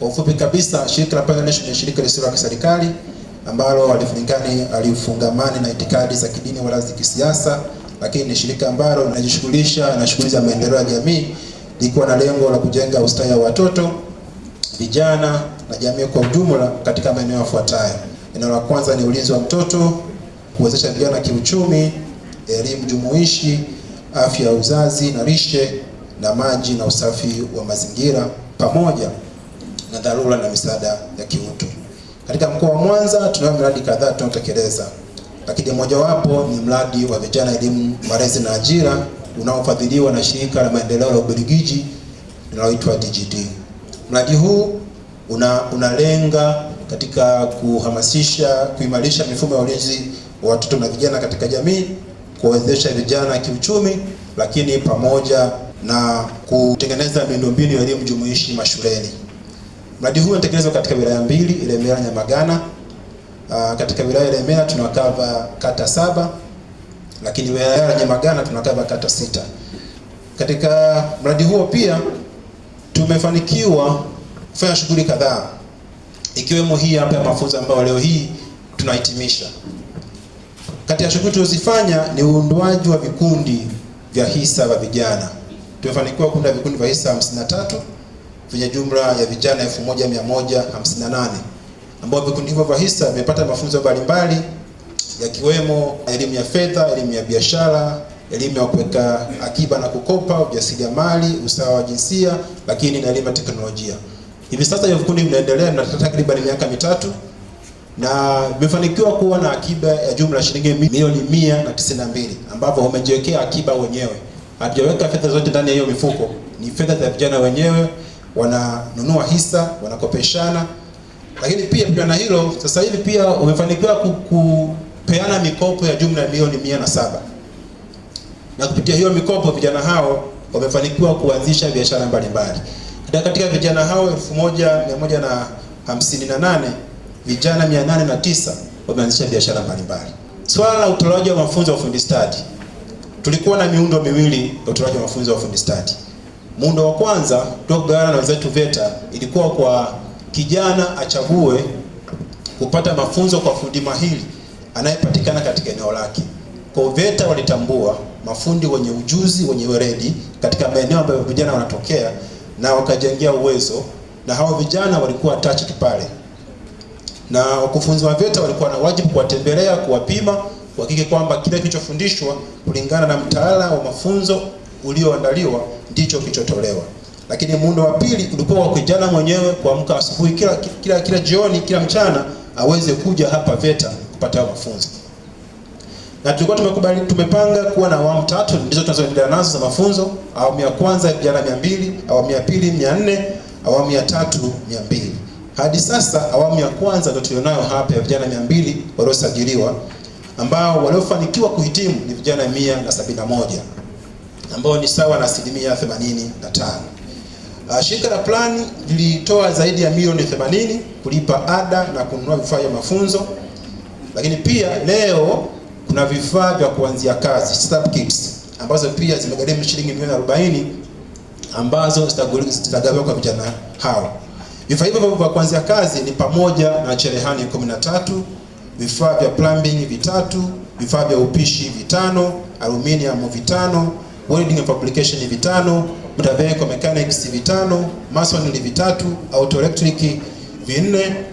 Kwa ufupi kabisa, shirika la Plan Nation ni shirika lisilo la kiserikali ambalo halifungani halifungamani na itikadi za kidini wala za kisiasa, lakini ni shirika ambalo linajishughulisha na shughuli za maendeleo ya jamii likiwa na lengo la kujenga ustawi wa watoto, vijana na jamii kwa ujumla katika maeneo yafuatayo. Eneo la kwanza ni ulinzi wa mtoto, kuwezesha vijana kiuchumi, elimu jumuishi, afya ya uzazi na lishe, na maji na usafi wa mazingira pamoja na dharura na misaada ya kiutu. Katika mkoa wa Mwanza tunayo miradi kadhaa tunayotekeleza, lakini mojawapo ni mradi wa vijana elimu, malezi na ajira unaofadhiliwa na shirika la maendeleo la Ubelgiji linaloitwa DGD. Mradi huu una, unalenga katika kuhamasisha kuimarisha mifumo ya ulinzi wa watoto na vijana katika jamii, kuwezesha vijana kiuchumi, lakini pamoja na kutengeneza miundombinu ya elimu jumuishi mashuleni. Mradi huu unatekelezwa katika wilaya mbili, Ilemela, Nyamagana. Uh, katika wilaya ya Ilemela tunakava kata saba, lakini wilaya ya Nyamagana tunakava kata sita. Katika mradi huo pia tumefanikiwa kufanya shughuli kadhaa ikiwemo hii hapa ya mafunzo ambayo leo hii tunahitimisha. Kati ya shughuli tulizofanya ni uundwaji wa vikundi vya hisa vya vijana. Tumefanikiwa kuunda vikundi vya hisa 53 vyenye jumla ya vijana 1158 ambao vikundi hivyo vya hisa vimepata mafunzo mbalimbali yakiwemo elimu ya fedha, elimu ya biashara, elimu ya kuweka akiba na kukopa, ujasiriamali, usawa wa jinsia, lakini na elimu ya teknolojia. Hivi sasa hiyo vikundi vinaendelea na takriban miaka mitatu na vimefanikiwa kuwa na akiba ya jumla shilingi milioni mia na tisini na mbili ambapo wamejiwekea akiba wenyewe. Hatujaweka fedha zote ndani ya hiyo mifuko, ni fedha za vijana wenyewe wananunua hisa, wanakopeshana. Lakini pia pia na hilo, sasa hivi pia wamefanikiwa kupeana mikopo ya jumla ya milioni mia na saba, na kupitia hiyo mikopo vijana hao wamefanikiwa kuanzisha biashara mbalimbali. Katika vijana hao nane vijana tisa wameanzisha biashara mbalimbali. Swala la utolewaji wa mafunzo ya ufundi stadi, tulikuwa na miundo miwili ya utolewaji wa mafunzo ya ufundi stadi. Muundo wa kwanza tugawana na wenzetu VETA ilikuwa kwa kijana achague kupata mafunzo kwa fundi mahiri anayepatikana katika eneo lake. Kwa VETA walitambua mafundi wenye ujuzi, wenye weledi katika maeneo ambayo vijana wanatokea na wakajengea uwezo, na hao vijana walikuwa attached pale, na wakufunzi wa VETA walikuwa na wajibu kuwatembelea, kuwapima, kuhakiki kwamba kile kilichofundishwa kulingana na mtaala wa mafunzo ulioandaliwa ndicho kilichotolewa. Lakini muundo wa pili ulikuwa wa kijana mwenyewe kuamka asubuhi kila, kila, kila jioni kila mchana aweze kuja hapa VETA kupata mafunzo. Na tulikuwa tumekubali tumepanga kuwa na awamu tatu ndizo tunazoendelea nazo za mafunzo, awamu ya kwanza vijana 200, awamu ya pili 400, awamu ya tatu 200. Hadi sasa awamu ya kwanza ndio tulionayo hapa ya vijana 200 waliosajiliwa ambao waliofanikiwa kuhitimu ni vijana 171 ambao ni sawa na asilimia 85. Ah, shirika la Plan lilitoa zaidi ya milioni 80 kulipa ada na kununua vifaa vya mafunzo, lakini pia leo kuna vifaa vya kuanzia kazi startup kits ambazo pia zimegharimu shilingi milioni 40 ambazo zitagawiwa kwa vijana hao. Vifaa hivyo vya kuanzia kazi ni pamoja na cherehani 13, vifaa vya plumbing vitatu, vifaa vya upishi vitano, aluminium vitano welding and fabrication vitano, mechanics mechanics vitano, masonry vitatu, auto electric vinne,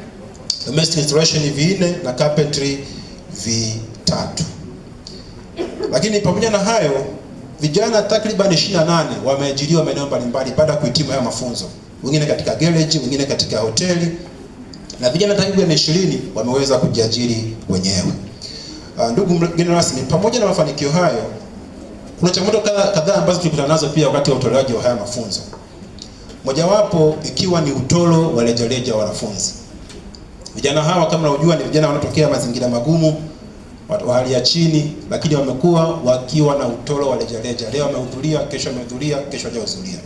domestic installation vinne na carpentry vitatu. Lakini pamoja na hayo vijana takriban 28 wameajiriwa maeneo mbalimbali baada ya kuhitimu haya mafunzo, wengine katika garage, wengine katika hoteli na vijana takriban 20 wameweza kujiajiri wenyewe. Uh, ndugu mgeni rasmi, pamoja na mafanikio hayo kuna changamoto kadhaa ambazo tulikutana nazo pia wakati wa utolewaji wa haya mafunzo, mojawapo ikiwa ni utoro wa rejareja wa wanafunzi. Vijana hawa kama unajua, ni vijana wanaotokea mazingira magumu wa hali ya chini, lakini wamekuwa wakiwa na utoro wa rejareja. Leo wamehudhuria, kesho wamehudhuria, kesho hawajahudhuria.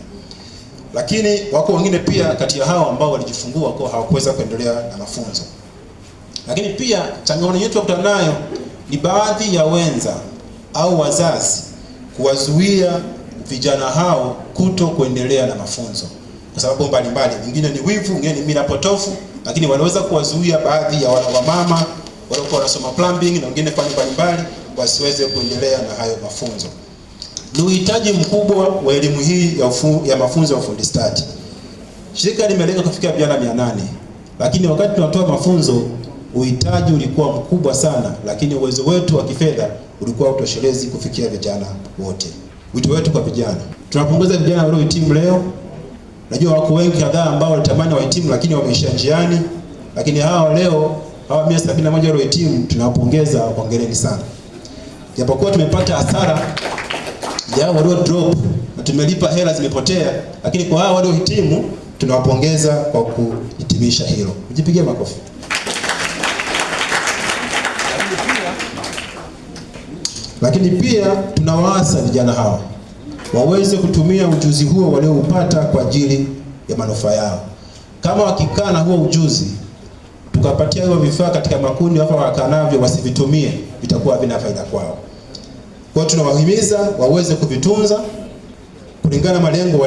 Lakini wako wengine pia kati ya hao ambao walijifungua kwa hawakuweza kuendelea na mafunzo. Lakini pia changamoto yetu tukutana nayo ni baadhi ya wenza au wazazi kuwazuia vijana hao kuto kuendelea na mafunzo kwa sababu mbalimbali, mwingine ni wivu, mwingine ni mila potofu, lakini wanaweza kuwazuia baadhi ya wamama waliokuwa wanasoma plumbing na wengine fani mbalimbali wasiweze kuendelea na hayo mafunzo. Ni uhitaji mkubwa wa elimu hii ya, ufu, ya mafunzo ya ufundi stadi. Shirika limelenga kufikia vijana 800 lakini wakati tunatoa mafunzo uhitaji ulikuwa mkubwa sana, lakini uwezo wetu wa kifedha ulikuwa utoshelezi kufikia vijana wote. Wito wetu kwa vijana, tunapongeza vijana waliohitimu leo. Najua wako wengi kadhaa ambao walitamani wahitimu lakini wameisha njiani, lakini hawa leo hawa 171 waliohitimu tunawapongeza, hongereni sana. Japokuwa tumepata hasara ya walio drop na tumelipa hela zimepotea, lakini kwa hawa waliohitimu tunawapongeza kwa kuhitimisha hilo. Mjipigie makofi. Lakini pia tunawaasa vijana hawa waweze kutumia ujuzi huo walioupata kwa ajili ya manufaa yao. Kama wakikaa na huo ujuzi tukapatia hiyo vifaa katika makundi hapa, wakanavyo wasivitumie, vitakuwa vina faida kwao. Kwa tunawahimiza waweze kuvitunza kulingana malengo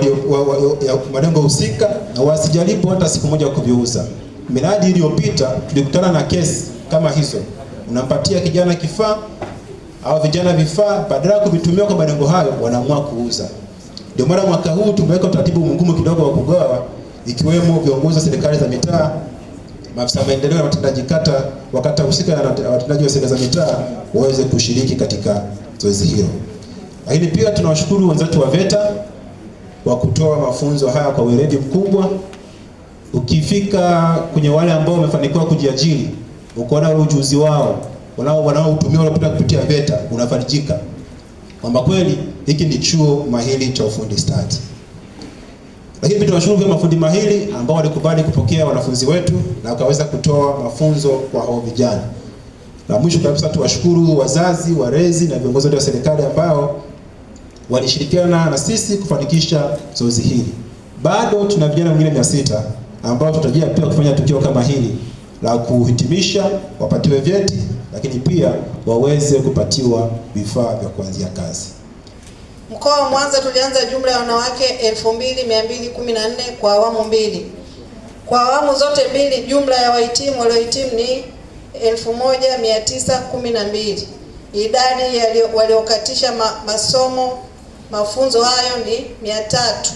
ya malengo husika, na wasijaribu hata siku moja kuviuza. Miradi iliyopita tulikutana na kesi kama hizo, unampatia kijana kifaa au vijana vifaa, badala ya kuvitumia kwa malengo hayo wanaamua kuuza. Ndio maana mwaka huu tumeweka utaratibu mgumu kidogo wa kugawa, ikiwemo viongozi wa serikali za mitaa, maafisa maendeleo na watendaji kata wa kata husika na watendaji wa serikali za mitaa waweze kushiriki katika zoezi hilo. Lakini pia tunawashukuru wenzetu wa VETA kwa kutoa mafunzo haya kwa weledi mkubwa. Ukifika kwenye wale ambao wamefanikiwa kujiajiri, ukaona ujuzi wao wanao wanaotumia wanapita kupitia VETA unafarijika kwamba kweli hiki ni chuo mahili cha ufundi stadi. Lakini pia tunashukuru kwa mafundi mahili ambao walikubali kupokea wanafunzi wetu na wakaweza kutoa mafunzo kwa hao vijana. Na mwisho kabisa tuwashukuru wazazi, walezi na viongozi wa serikali ambao walishirikiana na sisi kufanikisha zoezi hili. Bado tuna vijana wengine mia sita ambao tutajia pia kufanya tukio kama hili la kuhitimisha, wapatiwe vyeti lakini pia waweze kupatiwa vifaa vya kuanzia kazi. Mkoa wa Mwanza tulianza jumla ya wanawake 2214 kwa awamu mbili. Kwa awamu zote mbili jumla ya wahitimu waliohitimu ni 1912. Idadi waliokatisha ma, masomo mafunzo hayo ni 300.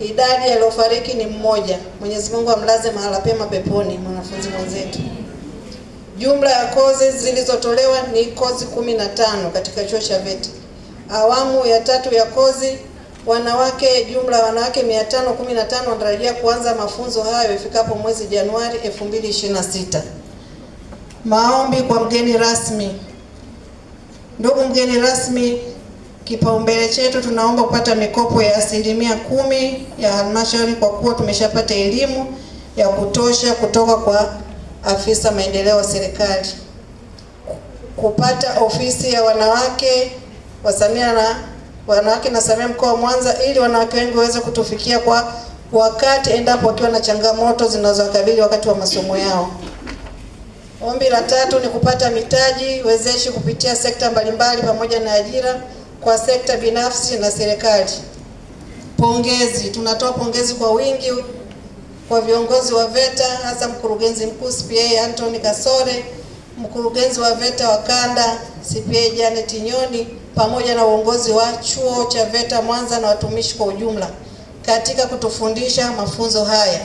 Idadi yaliyofariki ni mmoja. Mwenyezi Mungu amlaze mahala pema peponi mwanafunzi mwenzetu. Jumla ya kozi zilizotolewa ni kozi 15 katika chuo cha veti Awamu ya tatu ya kozi wanawake, jumla ya wanawake 515 wanatarajia kuanza mafunzo hayo ifikapo mwezi Januari 2026. Maombi kwa mgeni rasmi. Ndugu mgeni rasmi, kipaumbele chetu tunaomba kupata mikopo ya asilimia kumi ya halmashauri kwa kuwa tumeshapata elimu ya kutosha kutoka kwa afisa maendeleo wa serikali kupata ofisi ya wanawake wasamia na wanawake na Samia mkoa wa Mwanza, ili wanawake wengi waweze kutufikia kwa wakati, endapo wakiwa na changamoto zinazowakabili wakati wa masomo yao. Ombi la tatu ni kupata mitaji wezeshi kupitia sekta mbalimbali pamoja na ajira kwa sekta binafsi na serikali. Pongezi, tunatoa pongezi kwa wingi kwa viongozi wa VETA hasa mkurugenzi mkuu CPA Anthony Kasore, mkurugenzi wa VETA wa kanda CPA Janet Nyoni, pamoja na uongozi wa chuo cha VETA Mwanza na watumishi kwa ujumla katika kutufundisha mafunzo haya.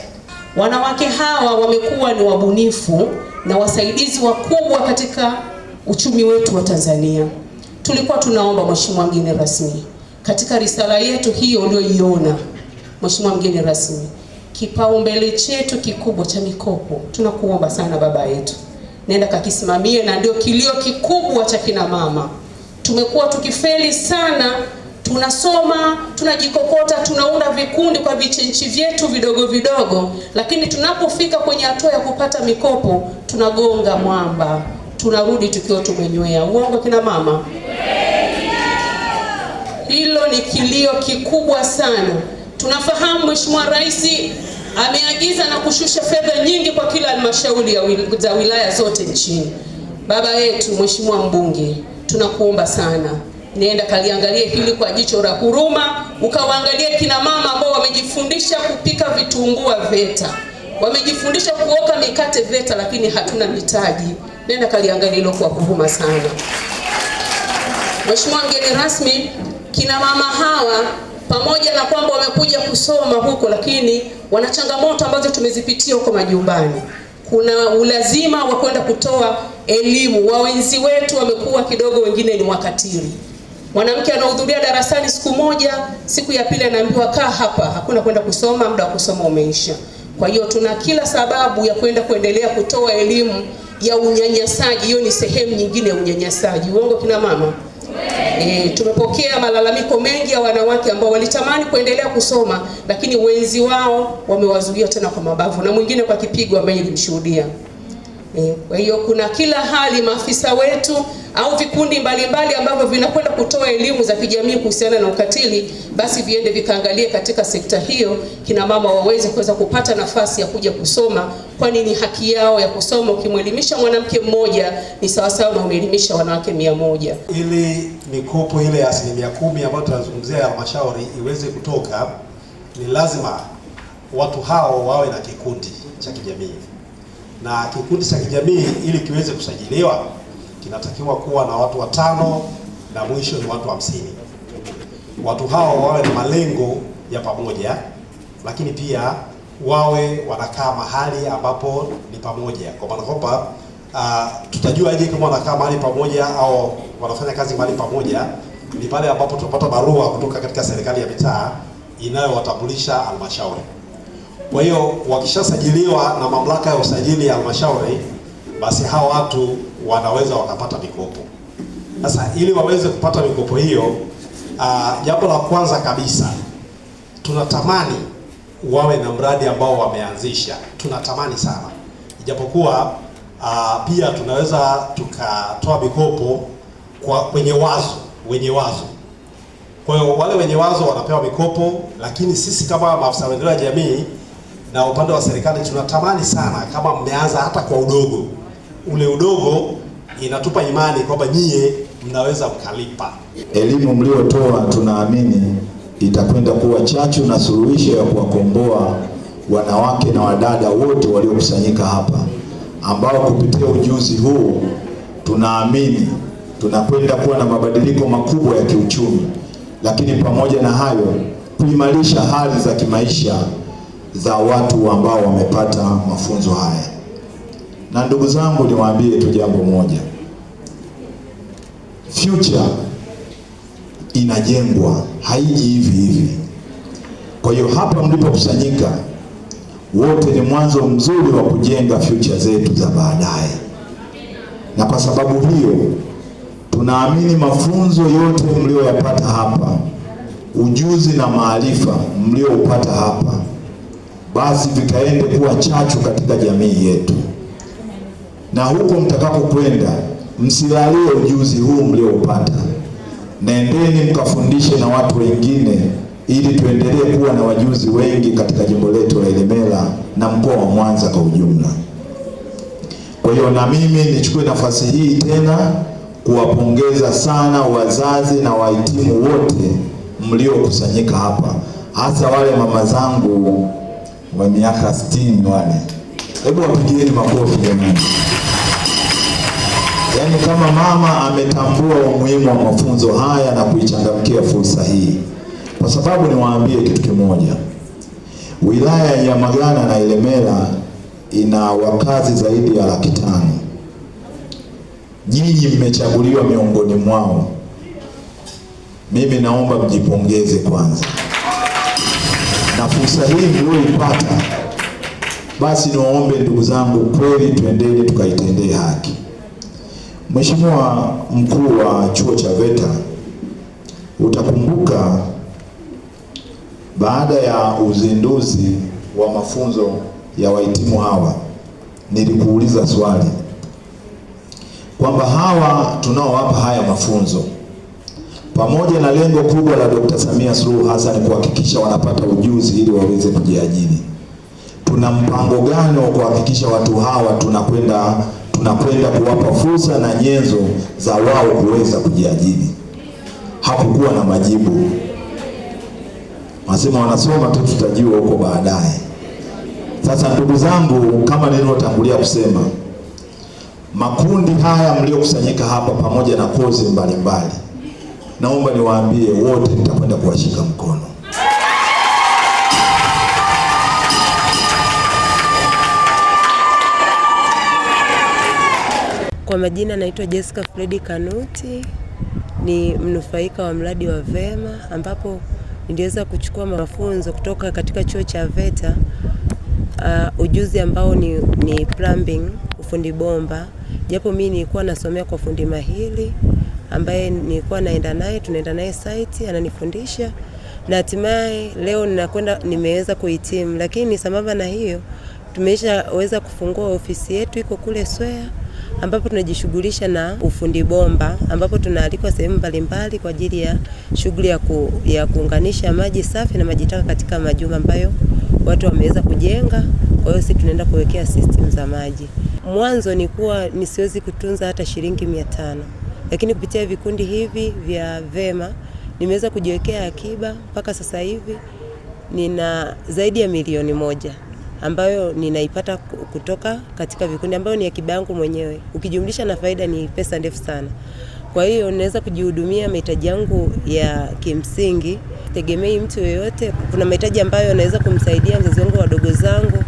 Wanawake hawa wamekuwa ni wabunifu na wasaidizi wakubwa katika uchumi wetu wa Tanzania. Tulikuwa tunaomba Mheshimiwa mgeni rasmi, katika risala yetu hiyo uliyoiona Mheshimiwa mgeni rasmi kipaumbele chetu kikubwa cha mikopo, tunakuomba sana baba yetu, nenda kakisimamie, na ndio kilio kikubwa cha kina mama. Tumekuwa tukifeli sana, tunasoma tunajikokota, tunaunda vikundi kwa vichenchi vyetu vidogo vidogo, lakini tunapofika kwenye hatua ya kupata mikopo tunagonga mwamba, tunarudi tukiwa tumenywea. Uongo kina mama, hilo ni kilio kikubwa sana. Tunafahamu Mheshimiwa Rais ameagiza na kushusha fedha nyingi kwa kila halmashauri za wilaya zote nchini. Baba yetu Mheshimiwa Mbunge, tunakuomba sana, nenda kaliangalie hili kwa jicho la huruma, ukawaangalie kina mama ambao wamejifundisha kupika vitungua VETA, wamejifundisha kuoka mikate VETA, lakini hatuna mitaji. Nenda kaliangalie hilo kwa huruma sana. Mheshimiwa mgeni rasmi, kina mama hawa pamoja na kwamba wamekuja kusoma huko, lakini wana changamoto ambazo tumezipitia huko majumbani. Kuna ulazima wa kwenda kutoa elimu. Wawenzi wetu wamekuwa kidogo, wengine ni wakatili. Mwanamke anahudhuria darasani siku moja, siku ya pili anaambiwa kaa hapa, hakuna kwenda kusoma, muda wa kusoma umeisha. Kwa hiyo tuna kila sababu ya kwenda kuendelea kutoa elimu ya unyanyasaji. Hiyo ni sehemu nyingine ya unyanyasaji. Uongo kina mama? E, tumepokea malalamiko mengi ya wanawake ambao walitamani kuendelea kusoma lakini wenzi wao wamewazuia tena kwa mabavu na mwingine kwa kipigo ambaye nilimshuhudia. Mm. Kwa hiyo kuna kila hali maafisa wetu au vikundi mbalimbali ambavyo vinakwenda kutoa elimu za kijamii kuhusiana na ukatili, basi viende vikaangalie katika sekta hiyo, kina mama waweze kuweza kupata nafasi ya kuja kusoma, kwani ni haki yao ya kusoma. Ukimwelimisha mwanamke mmoja ni sawasawa na umeelimisha wanawake mia moja. Ili mikopo ile ya asilimia kumi ambayo tunazungumzia ya halmashauri iweze kutoka, ni lazima watu hao wawe na kikundi cha kijamii na kikundi cha kijamii ili kiweze kusajiliwa kinatakiwa kuwa na watu watano na mwisho ni watu hamsini. Watu hao wawe na malengo ya pamoja, lakini pia wawe wanakaa mahali ambapo ni pamoja, kwa maana hapa uh, je kama wanakaa mahali pamoja au wanafanya kazi mahali pamoja? Ni pale ambapo tunapata barua kutoka katika serikali ya mitaa inayowatambulisha halmashauri. Kwa hiyo wakishasajiliwa na mamlaka ya usajili ya halmashauri, basi hawa watu wanaweza wakapata mikopo. Sasa ili waweze kupata mikopo hiyo, ah, jambo la kwanza kabisa tunatamani wawe na mradi ambao wameanzisha, tunatamani sana ijapokuwa uh, pia tunaweza tukatoa mikopo kwa wenye wazo, wenye wazo. Kwa hiyo wale wenye wazo wanapewa mikopo, lakini sisi kama maafisa maendeleo ya jamii na upande wa serikali tunatamani sana, kama mmeanza hata kwa udogo ule udogo inatupa imani kwamba nyie mnaweza mkalipa. Elimu mliotoa tunaamini itakwenda kuwa chachu na suluhisho ya kuwakomboa wanawake na wadada wote waliokusanyika hapa, ambao kupitia ujuzi huu tunaamini tunakwenda kuwa na mabadiliko makubwa ya kiuchumi, lakini pamoja na hayo kuimarisha hali za kimaisha za watu ambao wamepata mafunzo haya. Na ndugu zangu, niwaambie tu jambo moja, future inajengwa, haiji hivi hivi. Kwa hiyo hapa mlipokusanyika wote ni mwanzo mzuri wa kujenga future zetu za baadaye, na kwa sababu hiyo tunaamini mafunzo yote mlioyapata hapa, ujuzi na maarifa mlioupata hapa basi tutaende kuwa chachu katika jamii yetu, na huko mtakapokwenda msilalie ujuzi huu mlioupata, nendeni mkafundishe na watu wengine, ili tuendelee kuwa na wajuzi wengi katika jimbo letu la Ilemela na mkoa wa Mwanza kwa ujumla. Kwa hiyo na mimi nichukue nafasi hii tena kuwapongeza sana wazazi na wahitimu wote mliokusanyika hapa, hasa wale mama zangu wa miaka 60 wale, hebu wapigieni makofi jamani. Yaani kama mama ametambua umuhimu wa mafunzo haya na kuichangamkia fursa hii, kwa sababu niwaambie kitu kimoja, wilaya ya Nyamagana na Ilemela ina wakazi zaidi ya laki tano. Nyinyi mmechaguliwa miongoni mwao. Mimi naomba mjipongeze kwanza na fursa hii mlioipata, basi niwaombe ndugu zangu, kweli tuendele tukaitendee haki. Mheshimiwa mkuu wa chuo cha VETA, utakumbuka baada ya uzinduzi wa mafunzo ya wahitimu hawa nilikuuliza swali kwamba hawa tunaowapa haya mafunzo pamoja na lengo kubwa la Dr. Samia Suluhu Hassan kuhakikisha wanapata ujuzi ili waweze kujiajiri. Tuna mpango gani wa kuhakikisha watu hawa tunakwenda tunakwenda kuwapa fursa na nyenzo za wao kuweza kujiajiri? Hakukuwa na majibu. Wanasema wanasoma tu, tutajua huko baadaye. Sasa ndugu zangu, kama nilivyotangulia kusema, makundi haya mliokusanyika hapa pamoja na kozi mbalimbali naomba niwaambie wote, nitakwenda kuwashika mkono. Kwa majina naitwa Jessica Fredi Kanuti, ni mnufaika wa mradi wa VEMA ambapo niliweza kuchukua mafunzo kutoka katika chuo cha VETA uh, ujuzi ambao ni, ni plumbing, ufundi bomba, japo mimi nilikuwa nasomea kwa fundi mahili ambaye nilikuwa naenda naye, tunaenda naye site, ananifundisha na hatimaye leo ninakwenda, nimeweza kuhitimu. Lakini sambamba na hiyo, tumeshaweza kufungua ofisi yetu iko kule Swea ambapo tunajishughulisha na ufundi bomba ambapo tunaalikwa sehemu mbalimbali kwa ajili ya shughuli ya, ku, ya kuunganisha maji safi na maji taka katika majumba ambayo watu wameweza kujenga. Kwa hiyo sisi tunaenda kuwekea system za maji. Mwanzo ni kuwa nisiwezi kutunza hata shilingi mia tano lakini kupitia vikundi hivi vya VEMA nimeweza kujiwekea akiba mpaka sasa hivi nina zaidi ya milioni moja ambayo ninaipata kutoka katika vikundi ambayo ni akiba yangu mwenyewe, ukijumlisha na faida ni pesa ndefu sana. Kwa hiyo naweza kujihudumia mahitaji yangu ya kimsingi, tegemei mtu yoyote. Kuna mahitaji ambayo naweza kumsaidia mzazi wangu, wadogo zangu.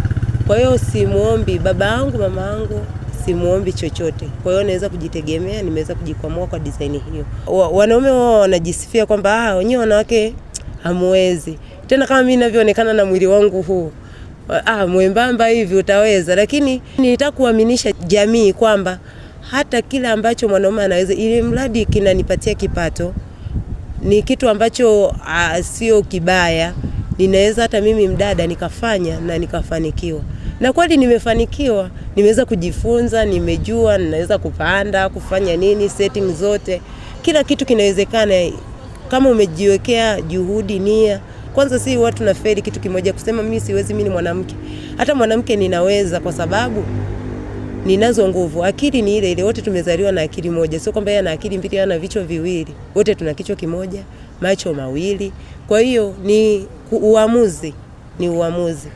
Kwa hiyo simuombi baba yangu, mama yangu simuombi chochote. Kwa hiyo naweza kujitegemea, nimeweza kujikwamua kwa design hiyo. Wa, wanaume wao wanajisifia kwamba ah, wenyewe wanawake hamwezi tena, kama mimi ninavyoonekana na mwili wangu huu ah, mwembamba hivi utaweza, lakini nilitaka kuaminisha jamii kwamba hata kile ambacho mwanaume anaweza, ili mradi kinanipatia kipato, ni kitu ambacho ah, sio kibaya, ninaweza hata mimi mdada nikafanya na nikafanikiwa na kweli nimefanikiwa, nimeweza kujifunza, nimejua ninaweza kupanda, kufanya nini, setting zote, kila kitu kinawezekana kama umejiwekea juhudi, nia. Kwanza si watu na feli kitu kimoja kusema mimi siwezi, mimi ni mwanamke. Hata mwanamke ninaweza, kwa sababu ninazo nguvu. Akili ni ile ile, wote tumezaliwa na akili moja, sio kwamba yeye ana akili mbili, ana vichwa viwili. Wote tuna kichwa kimoja, macho mawili. Kwa hiyo ni uamuzi, ni uamuzi.